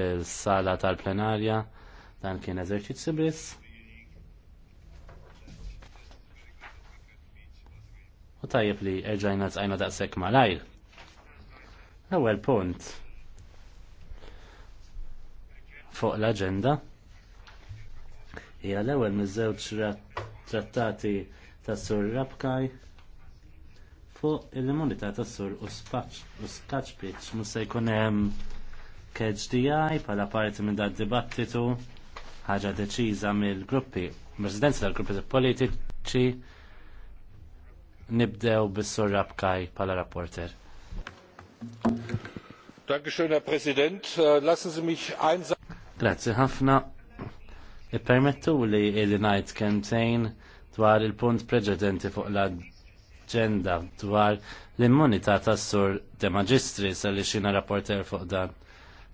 il-sala tal-plenarja dan kien eżerċizzju biss. U tajjeb li erġajna tsajna daqshekk malajr. L-ewwel punt fuq l-aġenda hija l-ewwel miż-żewġ trattati tas Sur Rabkaj fuq il-immunità tas Sur u Skaċ Pitch mhux se jkun hemm KHDI pala parti minn dal dibattitu ħaġa deċiża mill-gruppi. Residenza tal-gruppi politiċi nibdew bis-sur Rabkaj pala rapporter. Dankeschön, Herr Präsident. Äh, lassen Sie mich ein Grazie ħafna. Ippermettu li il night Campaign dwar il-punt preġedenti fuq l-agenda dwar l-immunità tas-sur de Magistris għalli xina rapporter fuq dan.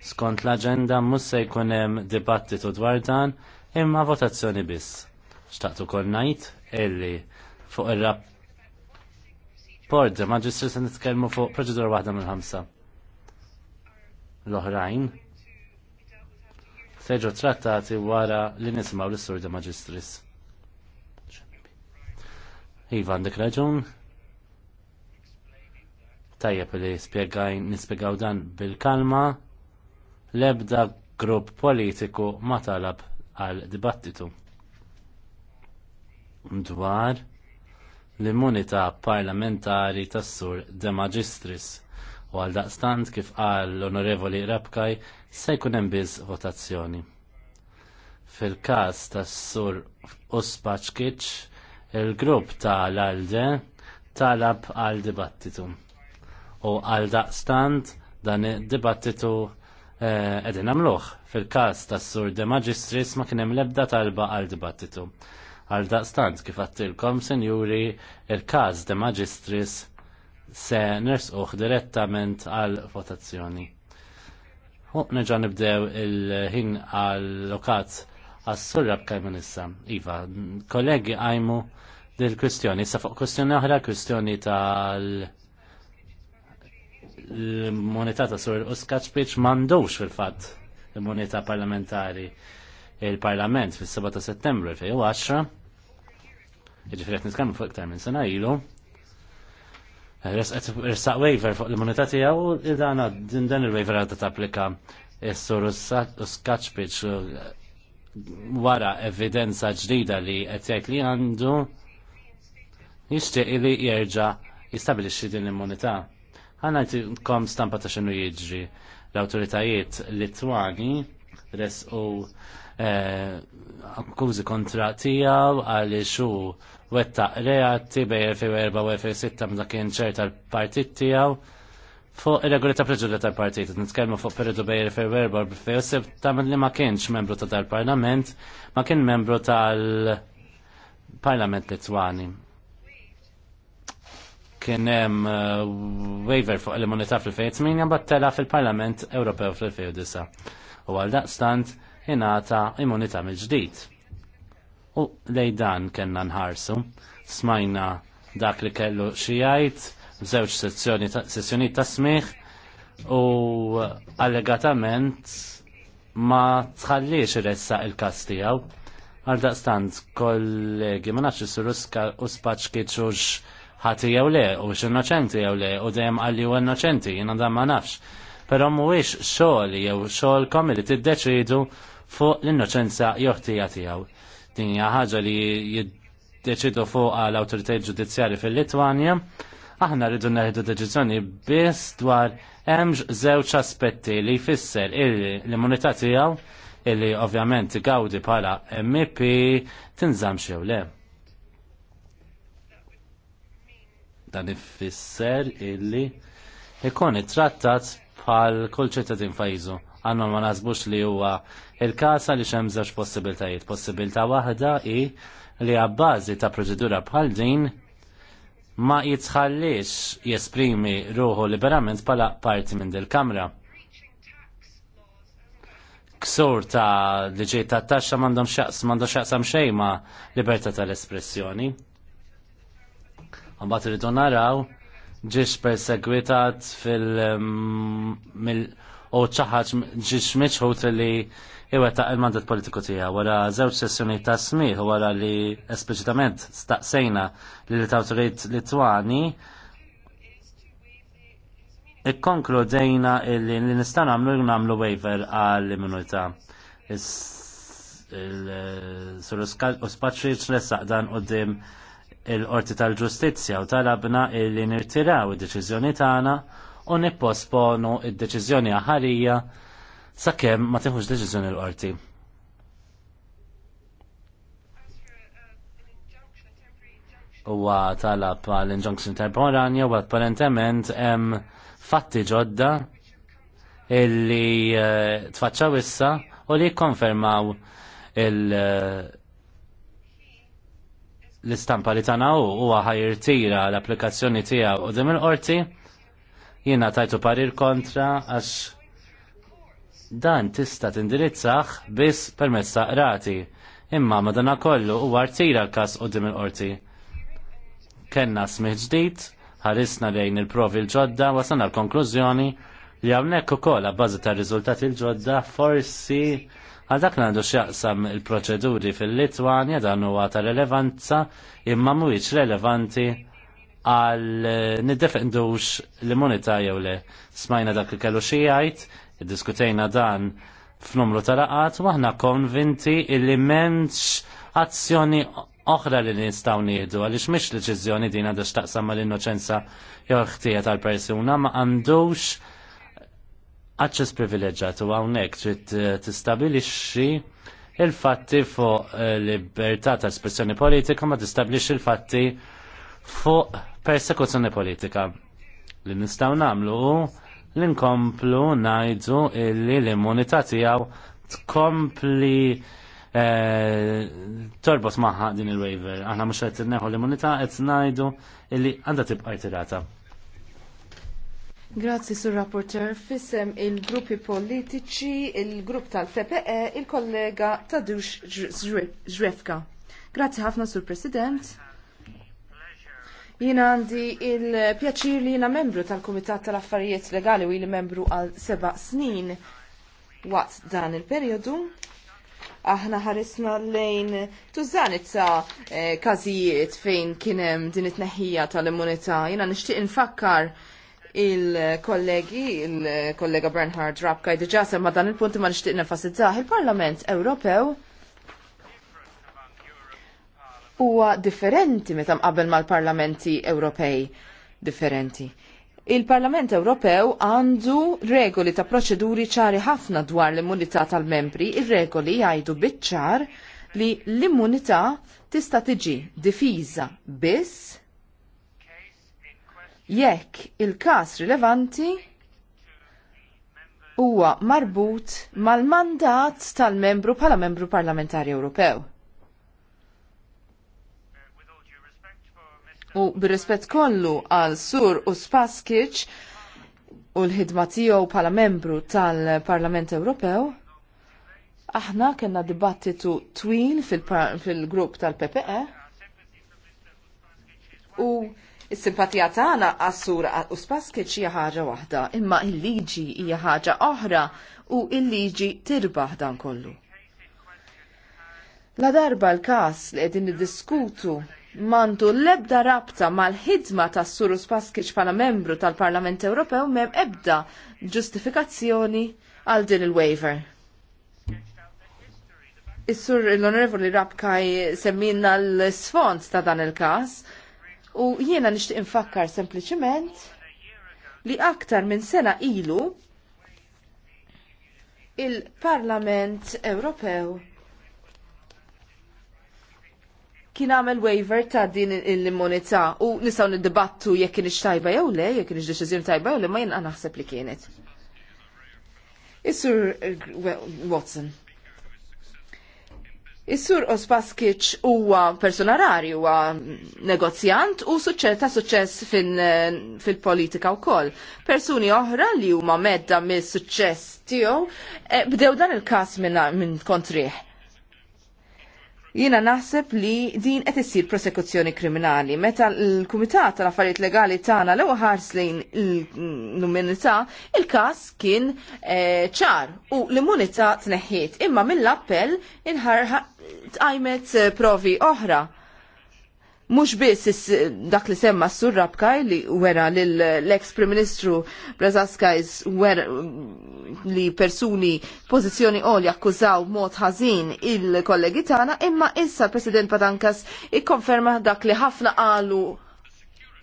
Skont l-agenda mhux se jkun hemm dibattitu dwar dan imma votazzjoni biss. Xtaqt ukoll ngħid illi fuq ir-rapport maġistri se nitkellmu fuq proċedura waħda mill-ħamsa. L-oħrajn seġu trattati wara li nisimgħu l istur de maġistris. Iva għandek raġun. Tajjeb li nispjegaw dan bil-kalma l-ebda grupp politiku ma talab għal dibattitu dwar l-immunità parlamentari tas-sur De Magistris u għal daqstant kif qal l-Onorevoli Rabkaj se jkun hemm biss votazzjoni. Fil-każ tas-sur Uspaċkiċ, il-grupp tal-Alde talab għal dibattitu. U għal daqstant dan id-dibattitu qegħdin eh, nagħmluh. Fil-każ tas-Sur De Magistris ma kien hemm l-ebda talba għal dibattitu. Għal stant kif għattilkom senjuri il-każ De Magistris se nersquh direttament għal votazzjoni. U neġa nibdew il-ħin għal-lokat għas-surra b'kajman issa. Iva, kollegi għajmu dil-kwistjoni, sa fuq kwistjoni oħra, kwistjoni tal- l-immunità ta' sur Uskaċpiċ mandux fil-fatt l-immunità parlamentari il-parlament fil-7 ta' settembru 2010 ġifri għet nitkallmu fuq iktar minn sena ilu Ressaq waiver fuq l-immunità tiegħu id-għana dan il-waiver għadda tapplika s-sur Uskaċpiċ wara evidenza ġdida li qed jgħid li għandu jixtieq li jerġa' jistabilixxi din l-immunità kom stampa ta' xenu jiġri l-autoritajiet Litwani res u eh, akkużi kontra tijaw għalli xu wetta reati bej 2004 2006 ma' kien ċerta tal partit tijaw fuq il-regoli ta' tal-partit. Nitkellmu fuq periodu bej 2004 u 2006 ta' li ma kienx membru ta' tal-parlament, ma kien membru tal-parlament Litwani kien hemm uh, waiver fuq l-immunità fil-2008 battela fil-Parlament Ewropew fil-2009. U għal daqstant ingħata immunità mill-ġdid. U lej dan kellna nħarsu, smajna dak li kellu xijajt, b'żewġ sessjoni ta' smigħ u allegatament ma tħallix ressa il-kas tiegħu. Għal daqstant kollegi ma nafx is-suruska u spaċ kitxux ħati jew le, u x-innoċenti jew le, u dejjem għalli u innoċenti, jina dan ma nafx. Pero mhuwiex xogħol jew xogħolkom li tiddeċidu fuq l-innoċenza joħti jati tiegħu. Din hija ħaġa li jiddeċidu fuq l-awtoritajiet ġudizzjari fil-Litwanja, aħna rridu neħdu deċiżjoni biss dwar hemmx żewġ aspetti li jfisser l-immunità tiegħu illi ovvjament gawdi bħala MP tinżamx jew le. Dan ifisser illi ikun it-trattat bħal kull ċittadin fajzu. Għanna ma nasbux li huwa il-kasa li xem żewġ possibiltajiet. Possibilità waħda i li għabbażi ta' proċedura bħal din ma jitħallix jesprimi ruħu liberament bħala parti minn il kamra Ksur ta' liġej ta' taxxa mandom xaqs, mandom xaqsam xejma libertà tal-espressjoni. Għambat rridu naraw ġiex persegwitat fil- um, u ċaħħaċ ġiex miċħut li iwa ta' il-mandat politiku tija wara zewċ sessjoni ta' smiħ wara li esplicitament staqsejna li li tawtorit Litwani ikkonkludejna li nista' nagħmlu nagħmlu waiver għall immunità. Sur eh, spaċċi ċlessaq dan dim il-Qorti tal-Ġustizzja u talabna illi nirtiraw id-deċiżjoni tagħna u nipposponu id-deċiżjoni aħarija sakemm ma tieħux deċiżjoni l-Qorti. huwa talab għal injunction temporanja u apparentement hemm fatti ġodda illi eh, tfaċċaw issa u li jikkonfermaw il- l-istampa li tana u huwa għahajr tira l-applikazzjoni tija u dim il-qorti jiena tajtu parir kontra għax dan tista' tindirizzaħ biss permezz ta' qrati. Imma madana kollu huwa rtira l-każ qudiem il-qorti. Kenna smih ġdid, ħarisna lejn il-provi l-ġodda wasana l-konklużjoni li għamnek u kol għabbażi ta' rizultati l-ġodda forsi għal dak għandu xjaqsam il-proċeduri fil litwani dan huwa ta' relevanza imma mhuwiex relevanti għal niddefendux l-immunità jew le. Smajna dak li kellu xi jgħid, iddiskutejna dan f'numru ta' laqat u aħna konvinti illi menċ azzjoni oħra li nistgħu nieħdu għaliex mhix deċiżjoni din għandha x'taqsam mal-innoċenza jew ħtieħed tal persuna ma għandux aċċess privileġġat u hawnhekk trid eh, tistabilixxi il-fatti fuq eh, libertà ta' espressjoni politika ma tistabilixxi il-fatti fuq persekuzzjoni politika. Li nistgħu nagħmlu li nkomplu ngħidu illi l-immunità tiegħu tkompli eh, torbos maħħa din il-waiver. Aħna mhux qed neħu l-immunità qed ngħidu illi għandha tibqa' tirata. Grazzi sur rapporter fissem il-gruppi politiċi, il-grupp tal-PPE, il-kollega Tadux Zrefka. Grazzi ħafna sur President. Jina għandi il-pjaċir li jina membru tal-Komitat tal-Affarijiet Legali u il membru għal seba snin waqt dan il-periodu. Aħna ħarisna lejn tużanizza eh, kazijiet fejn kienem din it-neħija tal-immunità. Jina nishtiq infakkar il-kollegi, il-kollega Bernhard Rabkaj diġa semma dan il-punti ma nixtieq nefasizzah il-Parlament Ewropew huwa differenti meta mqabel mal-parlamenti Ewropej differenti. Il-Parlament Ewropew għandu regoli ta' proċeduri ċari ħafna dwar l-immunità tal-membri, ir-regoli jgħidu biċ-ċar li l-immunità tista' tiġi difiża biss jekk il-każ rilevanti huwa marbut mal-mandat tal-membru bħala membru parlamentari Ewropew. U bir-rispett kollu għal Sur Uspaskic u l-ħidma tiegħu bħala membru tal-Parlament Ewropew, aħna kena dibattitu twil fil-grupp fil grupp tal ppe u Is-simpatija tagħna għas-sur Uspaskic hija ħaġa waħda, imma l liġi hija ħaġa oħra u l liġi tirbaħ dan kollu. La darba l-każ li qegħdin niddiskutu mandu l-ebda rabta mal-ħidma ta' Suru Spaskic pala membru tal-Parlament Ewropew mem ebda ġustifikazzjoni għal din il-waiver. Is-sur l-onorevoli rabkaj semmina l-sfond ta' dan il-kas U jiena nixtieq infakkar sempliciment li aktar minn sena ilu il-Parlament Ewropew kien għamel waiver ta' din l-immunità u nistgħu niddibattu jekk kienx tajba jew le, jekk kienx deċiżjoni tajba jew le ma jien naħseb li kienet. Is-Sur Watson, Is-sur Ospaskic huwa persona rari, huwa negozjant u suċċess ta' suċċess fil-politika wkoll. Persuni oħra li huma medda mis-suċċess tiegħu eh, bdew dan il-każ minn kontriħ. Jiena naħseb li din qed issir prosekuzzjoni kriminali. Meta l-Kumitat tal-Affarijiet Legali tagħna l ħars lejn l-immunità, il-każ kien eh, ċar u l-immunità tneħħiet. Imma mill-appell inħarħa tqajmet eh, provi oħra mux biss dak li semma s-sur Rabkaj li wera l-ex Prim Ministru wera li persuni pozizjoni għol jakkużaw mod ħażin il-kollegi tagħna imma issa l-President Patankas ikkonferma dak li ħafna qalu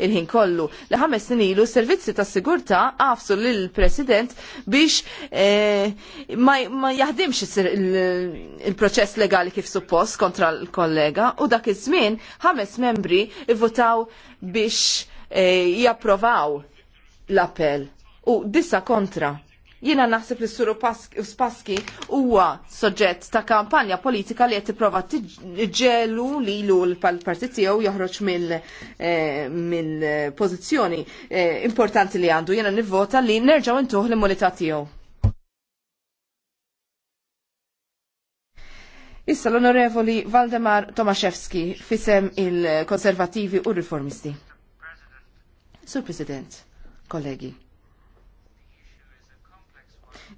il-ħin kollu. Li ħames snin ilu servizzi ta' sigurta għafsu l-President biex eh, ma, jaħdimx il-proċess legali kif suppost kontra l-kollega u dak iż-żmien ħames membri votaw biex eh, japprovaw l-appell u disa kontra. Jiena naħseb li s-suru Spaski huwa soġġett ta' kampanja politika li qed tipprova tiġġelu lilu l-partit tiegħu joħroġ mill-pożizzjoni eh, eh, importanti li għandu. Jiena nivvota li nerġgħu intuħ l-immunità tiegħu. Issa l-Onorevoli Valdemar Tomaszewski fisem il-Konservativi u Riformisti. Sur President, kollegi.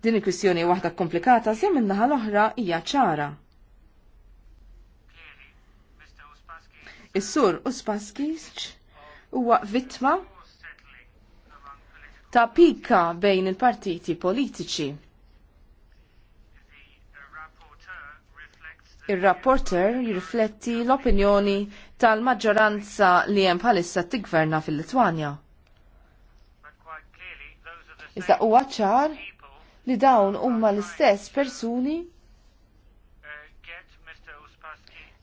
Din il-kwistjoni waħda komplikata żjem minnaħa naħa l-oħra hija ċara. Is-sur Uspaskic huwa vittma ta' pika bejn il-partiti politiċi. Ir-rapporter jirrifletti l-opinjoni tal-maġġoranza li hemm bħalissa tigverna fil-Litwanja. Iżda huwa ċar li dawn huma l-istess persuni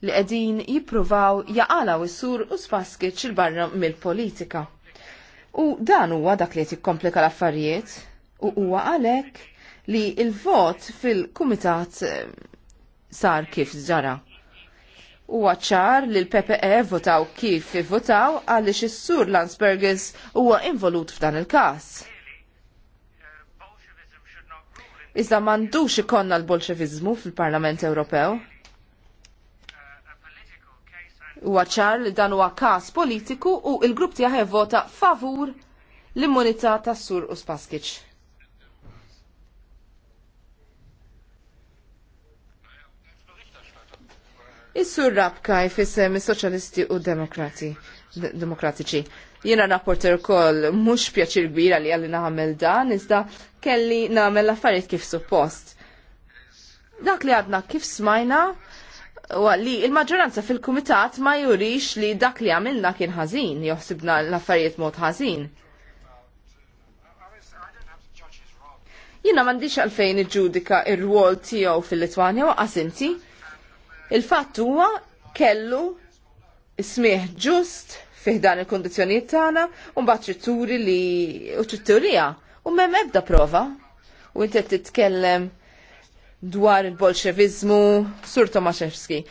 li qegħdin jippruvaw jaqalaw is-sur Uspaskic il barra mill-politika. U dan huwa dak li qed jikkomplika l-affarijiet u huwa għalhekk li il-vot fil-kumitat eh, sar kif ġara. Huwa ċar li l-PPE votaw kif votaw għaliex is-sur Landsbergis huwa involut f'dan il-każ Iżda mandux ikonna l-Bolxevizmu fil-Parlament Ewropew. Huwa ċar li dan huwa każ politiku u l-grupp tiegħi vota favur l-immunità tas-sur Uspaskic. Is-sur Rabkaj fissem is-Soċjalisti u Demokrati demokratiċi. Jiena rapporter ukoll mhux pjaċir kbira li għalli naħamil dan, iżda kelli nagħmel laffariet affarijiet kif suppost. Dak li għadna kif smajna li il-maġġoranza fil-kumitat ma jurix li dak li għamilna kien ħażin, joħsibna l-affarijiet mod ħażin. Jina mandiċ għalfejn iġudika il rwol tiegħu fil-Litwanja waqqas għasinti. Il-fatt huwa kellu smieħ ġust fiħdan il-kondizjoniet tagħna u mbagħad ċitturi li u ċitturija u m'hemm ebda prova. U inti qed titkellem dwar il-Bolxevizmu, Sur Tomaszewski.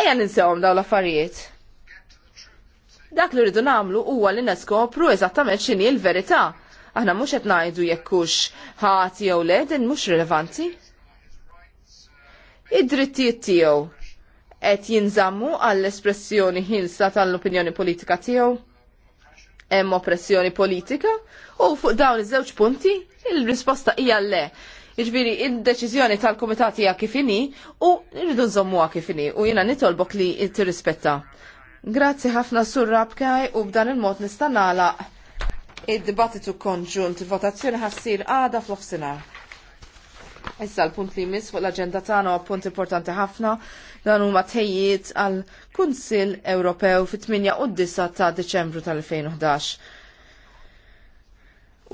Ejja ninsewhom dawn l-affarijiet. Dak li rridu nagħmlu huwa li neskopru eżattament x'inhi l-verità. Aħna mhux qed ngħidu jekk hux ħati jew le din mhux rilevanti. Id-drittijiet tiegħu qed jinżammu għall-espressjoni ħilsa tal-opinjoni politika tiegħu hemm oppressjoni politika u fuq dawn iż-żewġ punti il-risposta hija le. Iġbiri, il-deċizjoni tal-komitat hija kifini u rridu nżommuha kifini u jiena nitolbok li tirrispetta. Grazzi ħafna sur Rabkaj u b'dan il-mod nista' nagħlaq id-dibattitu konġunt votazzjoni ħassir għada fl-ofsinar. Issa l-punt li jmiss fuq l-aġenda tagħna punt importanti ħafna Dan huma tħejjiet għal Kunsill Ewropew fit-8 u 9 ta' Deċembru tal-2011.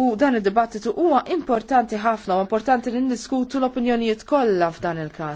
U dan id-dibattitu huwa importanti ħafna u importanti li ndiskutu l-opinjonijiet kollha f'dan il-każ.